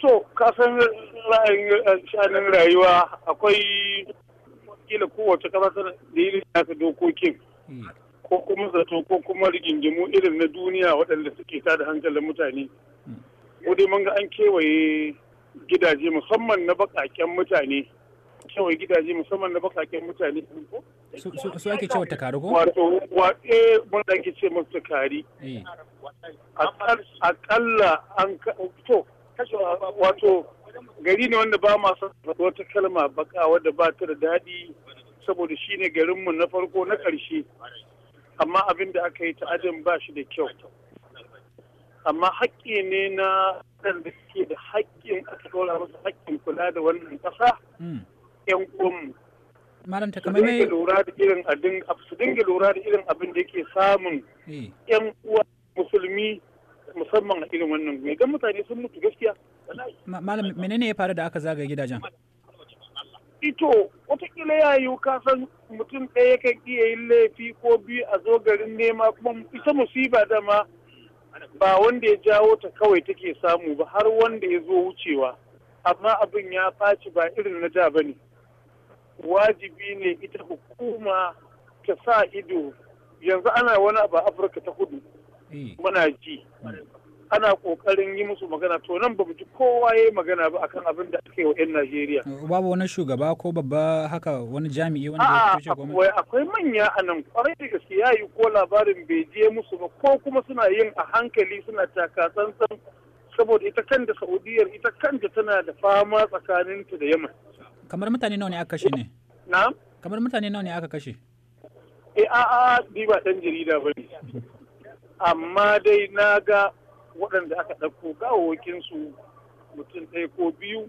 To, kasan eh, sha'anin rayuwa akwai kila kowace kasa da irin nasa dokokin hmm. ko kuma zato ko kuma rigingimu irin na duniya waɗanda suke tada hankalin mutane. Ko hmm. dai mun ga an kewaye gidaje musamman na bakaken mutane. Kewaye gidaje musamman na bakaken mutane. Su ake cewa takari ko? Wato, waɗe eh, wanda ake ce masu takari. Hmm. Akalla an to wato gari ne wanda ba masu wata kalma baka wadda ba ta da daɗi saboda shi ne garinmu na farko na ƙarshe amma abin da aka yi ta'adin ba shi da kyau amma haƙƙi ne na da ke da haƙƙin aka ɗora musu haƙƙin kula da wannan ƙasa hmm. ƴan uwanmu malam ta kamar mai lura da irin abin su dinga lura da irin abin da yake samun eh. ƴan uwa musulmi musamman a irin wannan mai gan mutane sun mutu gaskiya malam menene ya faru da aka zagaye gidajen ito watakila ya yiwu kasan mutum ɗaya kan iya yin laifi ko biyu a zo garin nema kuma ita musiba da ma ba wanda ya jawo ta kawai take samu ba har wanda ya zo wucewa amma abin ya faci ba irin na da ba ne wajibi ne ita hukuma ta sa ido yanzu ana wani abu a afirka ta kudu Eh. muna ji ana kokarin yi musu magana to nan ba mu ji kowa ya yi magana ba akan abin da ake wa 'yan Najeriya. Eh, babu wani shugaba ko babba haka wani jami'i wani da ya gwamnati. akwai manya a nan kwarai da gaske ya yi ko labarin bai je musu ba ko kuma suna yin a hankali suna takatsantsan saboda ita kan da Saudiyar ita kan da tana da fama tsakaninta da Yaman. Kamar mutane nawa ne aka kashe ne? Na'am. Kamar mutane nawa ne aka kashe? Eh a'a ni ba dan jarida bane. amma dai na ga waɗanda aka ɗauko gawawakinsu mutum ɗaya ko biyu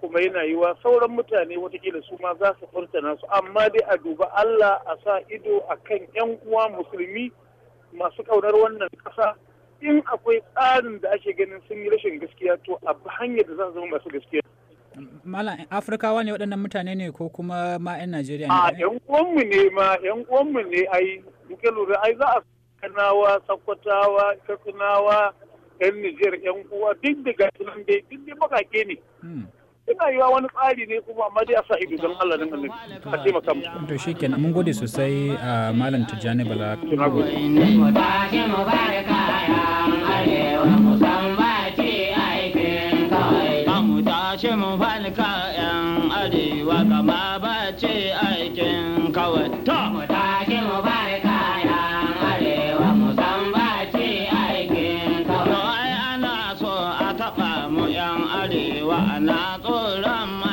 kuma yana yiwa sauran mutane watakila su ma za su furtana su amma dai a duba Allah a sa ido a kan 'yan uwa musulmi masu ƙaunar wannan ƙasa in akwai tsarin da ake ganin sun yi rashin gaskiya to a hanyar da za su zama masu gaskiya. Malam Afirkawa ne waɗannan mutane ne ko kuma ma 'yan Najeriya ne? A 'yan uwanmu ne ma 'yan uwanmu ne ai, duka lura ai za a kanawa sakkwatawa katsinawa yan nijiyar yan uwa duk da gasu nan dai duk da bakake ne ina hmm. yiwa wani tsari ne kuma amma dai a sa ido don Allah nan annabi a taimaka mu to shikenan mun gode sosai a malam Tijjani Bala na gode mu falka yan arewa kama ba ce aikin kawai taɓa mu yan arewa na tsoron